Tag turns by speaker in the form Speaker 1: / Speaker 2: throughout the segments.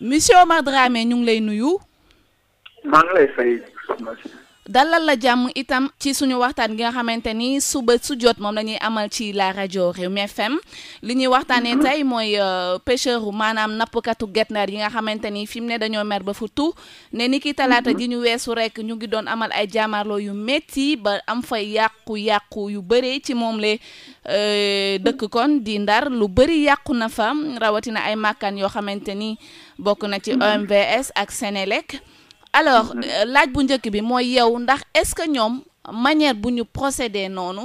Speaker 1: monsieur Omar Dramé ñu ngi lay nuyu. maa
Speaker 2: fay soxna
Speaker 1: dalal la jàmm itam ci suñu waxtaan gi nga xamante ni suba su jot moom la amal ci la rajo Rewmi FM li ñuy waxtaanee mhm. tey mooy euh, pêcheur maanaam nappkatu getnaar yi nga xamante ni fi mu ne dañoo mer ba fu futu ne ni ki talaata mhm. ji ñu weesu rek ñu ngi doon amal ay jaamarloo yu metti ba am fa yàqu-yàqu yu bëree ci moom le euh, dëkk kon di ndar lu bëri yàqu na fa rawatina ay màkkaan yoo xamante ni bokk na ci mhm. OMVS ak Senelec alors mm-hmm. euh, laaj bu njëkk bi mooy yow ndax est-ce que ñoom manière bu ñu procéder noonu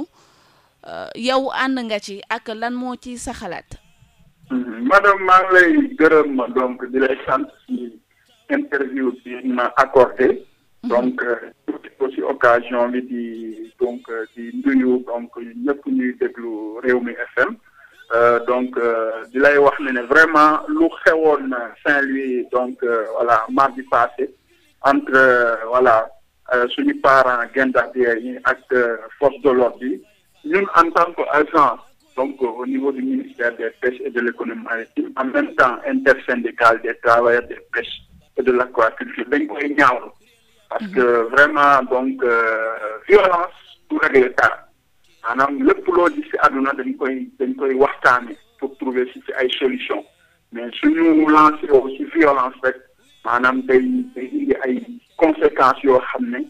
Speaker 1: euh, yow ànd nga ci ak lan moo ci sa xalaat.
Speaker 2: Mm-hmm. madame maa ngi lay gërëm donc di lay sant ci interview bi ma accordé. Mm-hmm. donc euh, aussi bi di donc di nuyu donc ñëpp ñuy déglu Rewmi FM. donc di lay wax ne ne vraiment lu xewoon Saint-Louis donc voilà mardi passé. entre euh, voilà euh, suñu parents gendarmerie yi ak euh, force de l'ordre yi ñun en tant que agent donc au niveau di ministère des pêches et de l'économie maritime en même temps intersyndical des travailleurs des pêches et de l'aquaculture dañ koy ñaawlu parce que mhm. vraiment donc violence du régler dara maanaam lépp loo gis ci àdduna dañ koy dañ koy waxtaane pour trouver si ci ay solution mais suñu lancer aussi violence rek maanaam day day indi ay conséquences yoo xam ne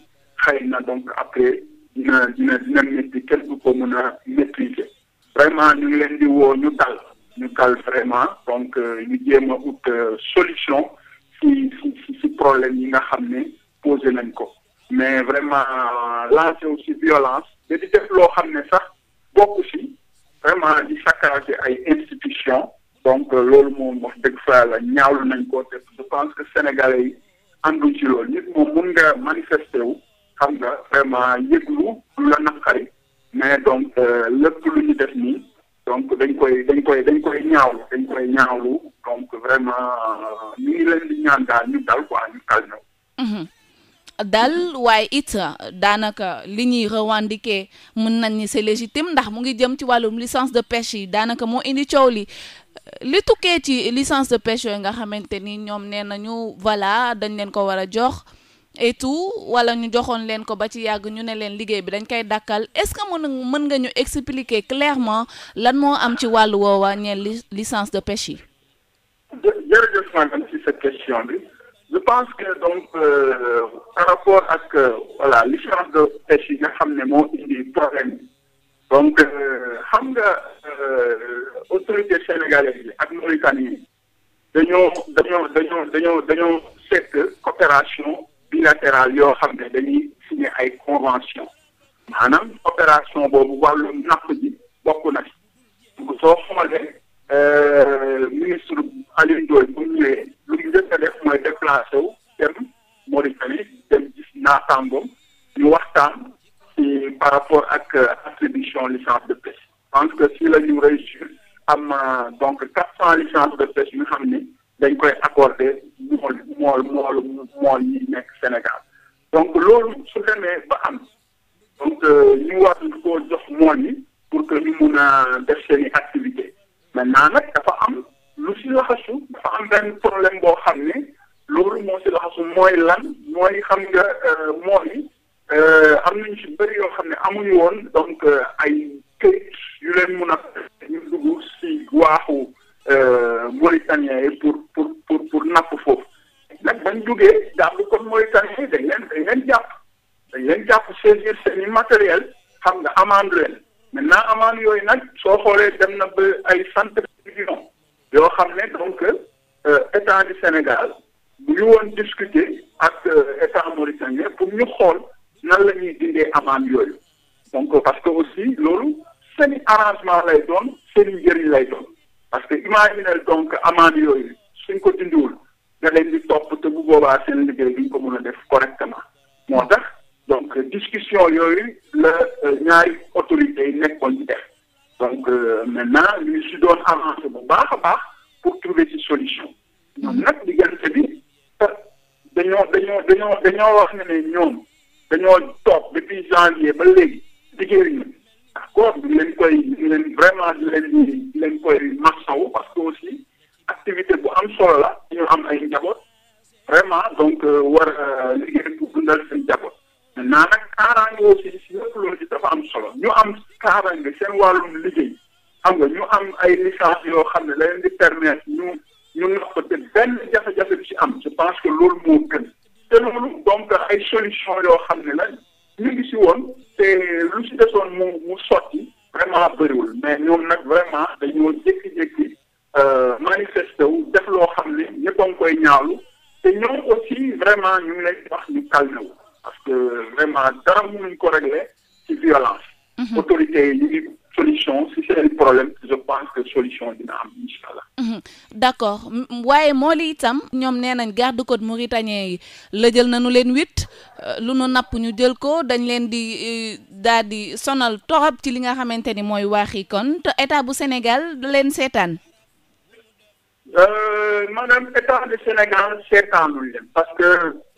Speaker 2: xëy na donc après dina dina dina métti kenn du ko mën a maîtriser vraiment ñu ngi leen di woo ñu tal ñu tal vraiment donc euh, ñu jéem a ut euh, solution si si si problème yi nga xam ne posé nañ ko mais vraiment euh, lancer aussi violence da di def loo xam ne sax bokk si vraiment di saccager ay institutions donc euh, loolu moom wax dëgg fa la ñaawlu nañ koo te je pense que sénégalais yi ànduñ ci loolu nit moom mun nga manifester wu xam nga vraiment yëglu lu la naqari mais donc euh, lépp lu ñu def nii donc dañ koy dañ koy dañ koy ñaawlu dañ koy ñaawlu donc vraiment euh, ñu ngi leen di ñaan daal ñu dal quoi
Speaker 1: daal mhm. waaye it daanaka li ñuy revendiquer mën nañ ni c'est légitime ndax mu ngi jëm ci wàllum licence de pêche yi daanaka moo indi coow li li tukkee ci licence de pêche yooyu nga xamante ni ñoom nee ñu voilà dañ leen ko war a jox et tout wala ñu joxoon leen ko ba ci yàgg ñu ne leen liggéey bi dañ koy dàkkal est-ce que mën mën nga ñu expliquer clairement lan moo am ci wàllu woowa ñeel licence de pêche yi.
Speaker 2: jërëjëf madame ci cette question bi je pense que donc euh, par rapport ak euh, voilà licence de pêche yi nga xam ne moo indi problème donc euh, xam nga euh, autorité sénégalaise yi ak mauritanien yi dañoo dañoo dañoo dañoo dañoo seq coopération bilatérale yoo xam ne dañuy signé ay convention maanaam coopération boobu wàllu napp ji bokk na euh, ministre Aliou Ndoye lu ñu njëkk a def mooy déplacé wu dem Mauritanie dem gis naataangoom ñu waxtaan par rapport ak ont licence de pêche je pense que si la réussir am donc quatre cent licences de pêche yu nga xam ne dañ koy accordé mool mool mool mool yi nekk Sénégal donc loolu su demee ba am donc euh, ñu war koo jox mool yi pour que ñu mun a def seen i activité maintenant nag dafa am lu si laxasu dafa am benn problème boo xam ne loolu moo si laxasu mooy lan mooy xam nga euh, mool yi Euh, am nañu si bëri yoo xam ne amuñu woon donc euh, ay këyit yu leen mun a ñu dugg si waaxu euh, Mauritaniens yi pour pour pour pour napp foofu nag bañ duggee daal du kon Mauritaniens yi dañ leen dañ leen jàpp dañ leen jàpp saisir seen i matériel xam nga amende leen naa amende yooyu nag soo xoolee dem na ba ay centaine de yoo xam ne donc état du Sénégal bu ñu woon discuter ak état mauritanien pour ñu xool nan la ñuy dindee amende yooyu donc parce que aussi loolu seen arrangement lay doon seen njëriñ lay doon parce que imaginez donc amende yooyu suñ ko dindiwul da leen di topp te bu boobaa seen liggéey ñu ko mën a def correctement moo tax donc discussion yooyu la euh, ñaari autorités yi nekkoon di def donc euh, maintenant ñu si doon avancé bu baax a baax pour trouver ci solution ñoom nag diggante bi euh, dañoo dañoo dañoo dañoo wax ne ne ñoom dañoo toog depuis janvier ba léegi liggéey ñu accord bi leen koy leen vraiment di leen di leen koy masawu parce que aussi activité bu am solo la ñu am ay njaboot vraiment donc euh, war euh, liggéey bu dundal seen njaboot naa nag kaaraange aussi si loolu dafa am solo ñu am kaaraange seen wàllum liggéey xam nga ñu am ay licence yoo xam ne la leen di permettre ñu ñu nopp te benn jafe-jafe ci am je pense que loolu moo gën te loolu ay solution yoo xam ne la ñu ngi si woon te lu si desoon mu mu sotti vraiment bëriwul mais ñoom nag vraiment dañoo jékki-jékki euh, manifesté wu def loo xam ne ñëpp a koy ñaalu te ñoom aussi vraiment ñu ngi lay wax ñu calmé wu parce que vraiment dara mënuñ ko régler ci violence. Mhm. autorité yi ñu ngi solution si seen problème je pense que solution dina am incha
Speaker 1: Mhm. d'accord waaye moo li itam ñoom nee nañ garde côte mauritanien yi la jël nañu leen wit euh, lu nu napp ñu jël ko dañ leen di euh, daal di sonal torop ci li nga xamante ni mooy waaxi kon te état bu Sénégal da leen seetaan. Euh, maanaam état du
Speaker 2: Sénégal seetaanul leen parce que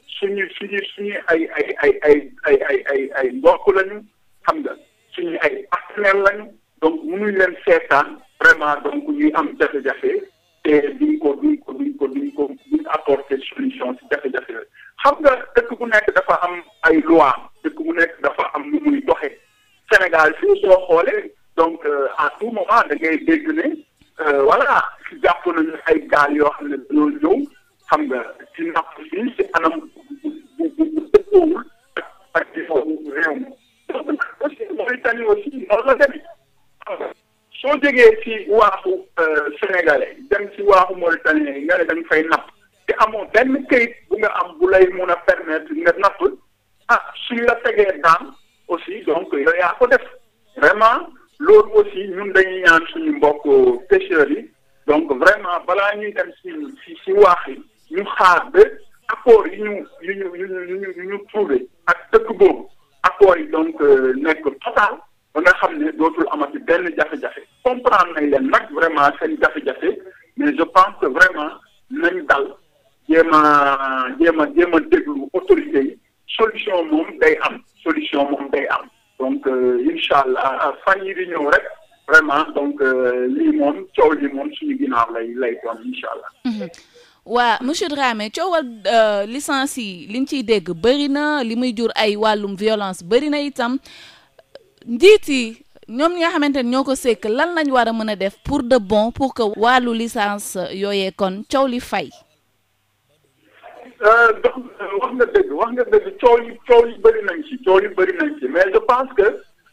Speaker 2: suñu suñu suñu ay ay ay ay ay ay ay lañu xam nga suñu ay partenaire lañu donc mënuñ leen seetaan. vraiment donc ñuy am jafe-jafe te duñ ko duñ ko duñ ko duñ ko duñ apporter solution si jafe-jafe xam nga dëkk bu nekk dafa am ay loi dëkk bu nekk dafa am nu muy doxe Sénégal fii soo xoolee donc euh, à tout moment da ngay dégg ne euh, voilà si jàpp nañu ay gaal yoo xam ne dañoo ñëw xam nga ci napp si anam bu bu bu dëppoowul ak ak ci foofu réew mi. donc aussi Mauritanie aussi noonu la demee. soo jógee ci waaxu euh, sénégalais dem si waaxu mauritanien yi nga ne da nga fay napp te amoo benn këyit bu nga am bu lay mun a permettre nga napp ah suñ la tegee daan aussi donc yow yaa ko def vraiment loolu aussi ñun dañuy ñaan suñu mbokk pêcheurs yi donc vraiment balaa ñuy dem ci ci ci waax yi ñu xaar ba accord yi ñu yu ñu yu ñu yu ñu trouvé ak dëkk boobu accord yi euh, nañ dal jéem a jéem autorité yi solution moom day am solution moom day am donc euh, incha allah fan yi ñëw rek vraiment donc euh, lii moom coow li moom suñu ginnaaw lay lay doon incha
Speaker 1: mhm. waa monsieur Dramé coowal euh, licence yi liñ ciy dégg bëri na li muy jur ay wàllum violence bëri na itam njiit ñoom ñi nga xamante ne ñoo ko sekk lan lañ war a mën a def pour de bon pour que wàllu licence yooyee kon coow li fay.
Speaker 2: Euh, donc wax nga dëgg wax nga dëgg coow yi coow yi bëri nañ ci coow yi bëri nañ ci mais je pense que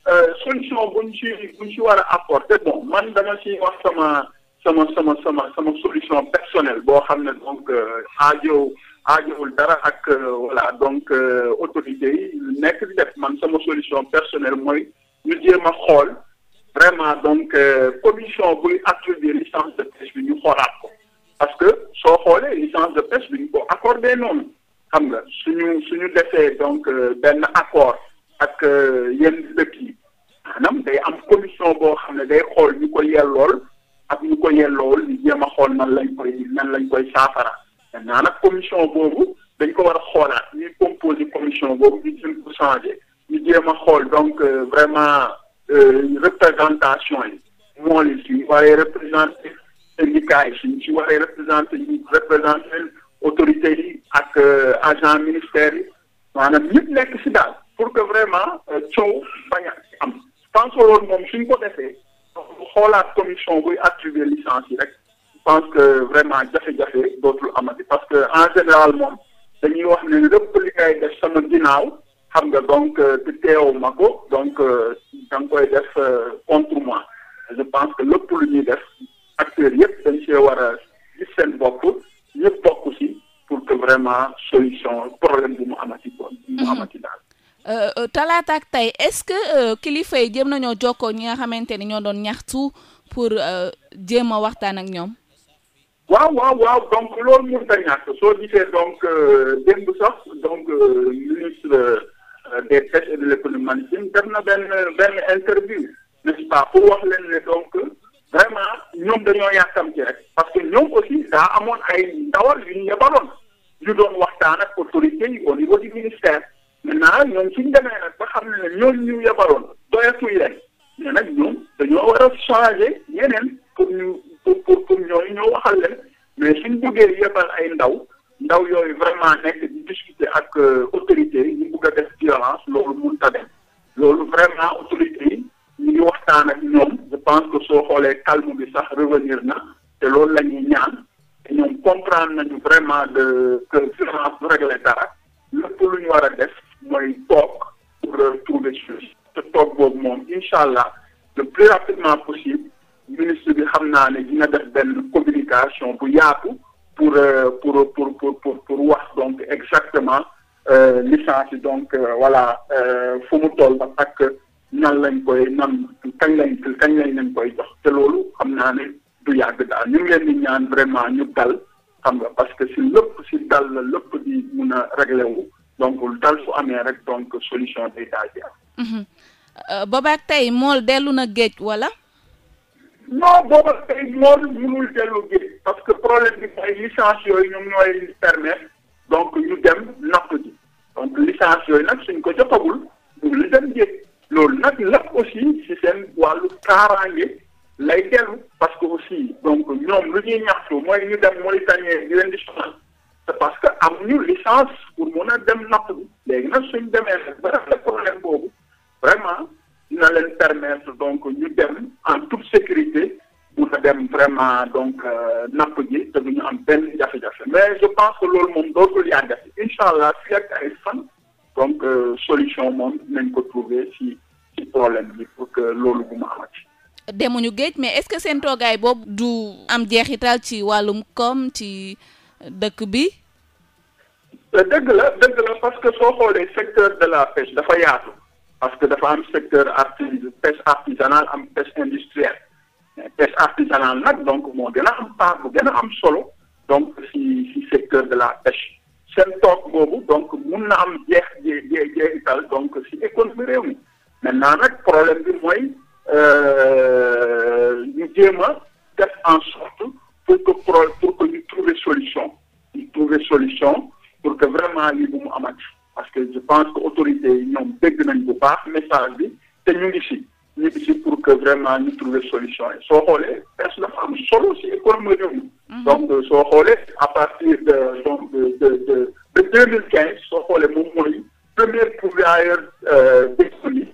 Speaker 2: euh, solution buñ ci buñ ci war a apporter bon man dama ci wax sama sama sama sama sama solution personnelle boo xam ne donc euh, aajo aajowul dara ak voilà donc autorité yi nekk di def man sama solution personnelle mooy. ñu jéem a xool vraiment donc euh, commission buy attribuer licence de pêche bi ñu xoolaat ko parce que soo xoolee licence de pêche bi ñu ko accordé noonu xam nga suñu suñu defee donc euh, benn accord ak euh, yenn dëkk yi maanaam day am commission boo xam ne day xool ñu ko yellool ak ñu ko yellool ñu jéem a xool nan lañ koy nan lañ koy saafara maintenant nag commission boobu dañ ko war a xoolaat ñuy composé commission boobu ñu jël ko changé jéem a xool donc euh, vraiment euh, représentation yi mool yi suñu waree représenté syndicat yi suñu si waree représenté ñu représenté autorité yi ak euh, agent ministère yi maanaam ñëpp nekk si daal pour que vraiment coow bañ a am je pense que loolu moom suñ ko defee xoolaat commission buy attribuer licence yi rek je pense que vraiment jafe-jafe dootul amati parce que en général moom dañuy wax ne lépp li ngay def sama ginnaaw xam nga donc euh, te teewu ma ko donc euh, da koy def euh, contre je pense que lépp lu ñuy def acteurs yëpp dañ see war gis seen bopp ñëpp bokk si pour que vraiment solution problème bu mu
Speaker 1: amati bon mu mhm. amati daal talaata ak est-ce que kilifa yi jéem nañoo jokkoo ñi nga xamante ni ñoo doon ñaxtu pour jéem a waxtaan ak ñoom
Speaker 2: waaw waaw waaw donc loolu mënut a ñàkk soo gisee donc démb sax donc ministre des pêches et de l'économie def na benn benn interview n'est-ce pas pour wax leen ne donc vraiment ñoom dañoo yàkkam ci rek parce que ñoom aussi daa amoon ay ndawal yu yebaloon yu doon waxtaan ak autorités yi au niveau du ministère maintenant ñoom suñ demee nag ba xam ne ne ñooñu ñu yebaloon doyatuñ leen mais nag ñoom dañoo war changer yeneen pour ñu pour pour pour ñooñu ñoo waxal leen mais suñ buggee yebal ay ndaw ndaw yooyu vraiment nekk di discuter ak euh, autorités yi violence loolu mënut a loolu vraiment autorité yi ñu ngi waxtaan ak ñoom je pense que soo xoolee calme bi sax revenir na te loolu la ñuy ñaan te ñoom comprendre nañu vraiment de que violence du régler dara lu ñu war a def mooy toog pour euh, trouver solution te toog boobu moom incha allah le plus rapidement possible ministre bi xam naa ne dina def benn communication bu yaatu pour euh, pour pour pour pour wax donc exactement. Euh, licence yi donc euh, voilà euh, fu mu toll ak nan lañ koy nan kañ lañ kañ lañ lañ koy jox te loolu xam naa ne du yàgg daal ñu ngi leen ñaan vraiment ñu dal xam nga parce que si lépp si dal la lépp di mun a réglé wu donc dal su amee rek donc solution day daal
Speaker 1: di am. Mhm. boobaag tey mool dellu na géej wala.
Speaker 2: non boobaag tey mool mënul dellu géej parce que problème bi
Speaker 1: ay licence yooyu ñoom
Speaker 2: ñooy permettre. donc ñu dem napp ji donc licence yooyu nag suñ ko jotagul lu dem géej loolu nag lépp aussi si seen wàllu kaaraange lay dellu parce que aussi donc ñoom lu ñuy ñaxtu mooy ñu dem Mauritanie di leen di sonal c'est parce que am amuñu licence pour mun a dem napp bi léegi nag suñ demee ba def problème boobu vraiment dina leen permettre donc ñu dem en toute sécurité dem vraiment donc euh, napp ji te du ñu am benn jafe-jafe mais je pense que loolu moom dootul yàggati incha allah fii ak ay fan donc euh, solution moom nañ ko trouver ci ci problème bi pour que loolu bu ma amati.
Speaker 1: demuñu géej mais est-ce que seen toogaay boobu du am jeexital ci wàllum koom ci dëkk bi.
Speaker 2: Euh, dëgg la dëgg la parce que soo xoolee secteur de la pêche dafa yaatu parce que dafa am secteur arti pêche artisanale am pêche industrielle. pêche artisanale nag donc moo gën a am part bu gën a am solo donc si si secteur de la pêche seen toog boobu donc mun na am jeex jee jee jeexital donc si économie réew mi maintenant nag problème bi mooy euh, ñu jéem a def en sorte pour que pro pour que ñu trouver solution ñu trouver solution pour que vraiment lii bu mu amati parce que je pense que autorités yi ñoom dégg nañ bu baax message bi te ñu ngi si ñu ngi si pour que vraiment ñu trouver solution yi soo xoolee pêche dafa am solo si économie réew mi mhm. donc euh, soo xoolee à partir de donc de de de deux mille quinze soo xoolee moom mooy premier pourvoyeur d'économie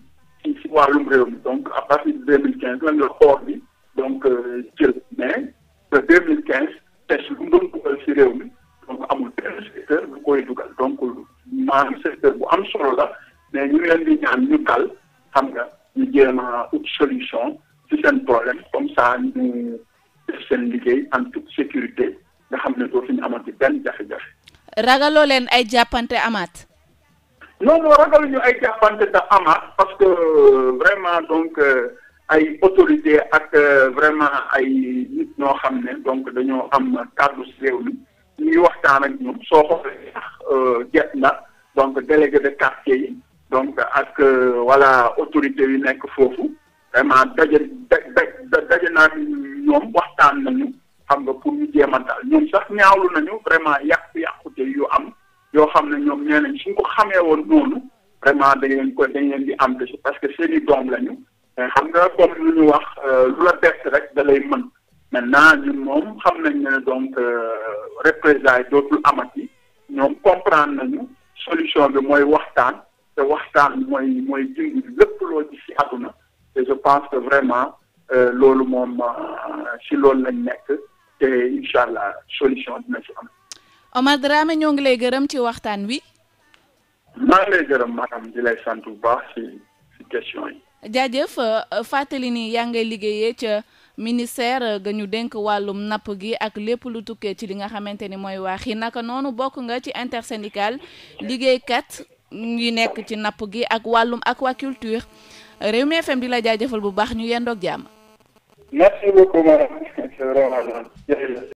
Speaker 2: ci si wàllum réew mi donc à partir de deux mille quinze lañ la xool bi donc euh, jël mais de deux mille quinze pêche lu mu doon dugal si réew mi donc amul benn secteur bu koy dugal donc maanaam secteur bu am solo la mais ñu leen di ñaan ñu dal
Speaker 1: ragaloo leen ay jàppante amaat.
Speaker 2: non non ragaluñu ay jàppante da amaat parce que euh, vraiment donc euh, ay autorité ak euh, vraiment ay nit ñoo xam ne donc dañoo am kàddu si réew mi ñuy waxtaan ak ñoom soo xoolee sax jet na donc délégué de quartier yi donc ak wala autorité yu nekk foofu vraiment daje da daje naa ñoom waxtaan nañu. xam nga pour ñu jéem a daal ñoom sax ñaawlu nañu vraiment yàqu-yàqute yu am yoo xam ne ñoom nee nañ suñ ko xamee woon noonu vraiment dañ leen ko dañ leen di empêché parce que seen i doom lañu xam nga comme lu ñu wax euh, lu la bett rek da lay mën maintenant ñun moom xam nañ ne donc euh, représailles dootul amati ñoom comprendre nañu solution bi mooy waxtaan te waxtaan mooy mooy dindi lépp loo gis ci àdduna te je pense que vraiment euh, loolu moom si loolu lañ nekk te euh, incha solution dina ci am.
Speaker 1: Omar Dramé ñoo ngi lay gërëm ci waxtaan wi.
Speaker 2: maa lay gërëm maanaam di lay sant bu baax ci question yi.
Speaker 1: jaajëf euh, fàttali ni yaa ngay liggéeyee ca ministère euh, ga ñu dénk wàllum napp gi ak lépp lu tukkee ci li nga xamante ni mooy waax yi naka noonu bokk nga ci intersyndical liggéeykat yi nekk ci napp gi ak wàllum aquaculture Rewmi FM di la jaajëfal bu baax ñu yendoog jàmm.
Speaker 2: merci beaucoup madame c' est vraiment gentil jërëjëf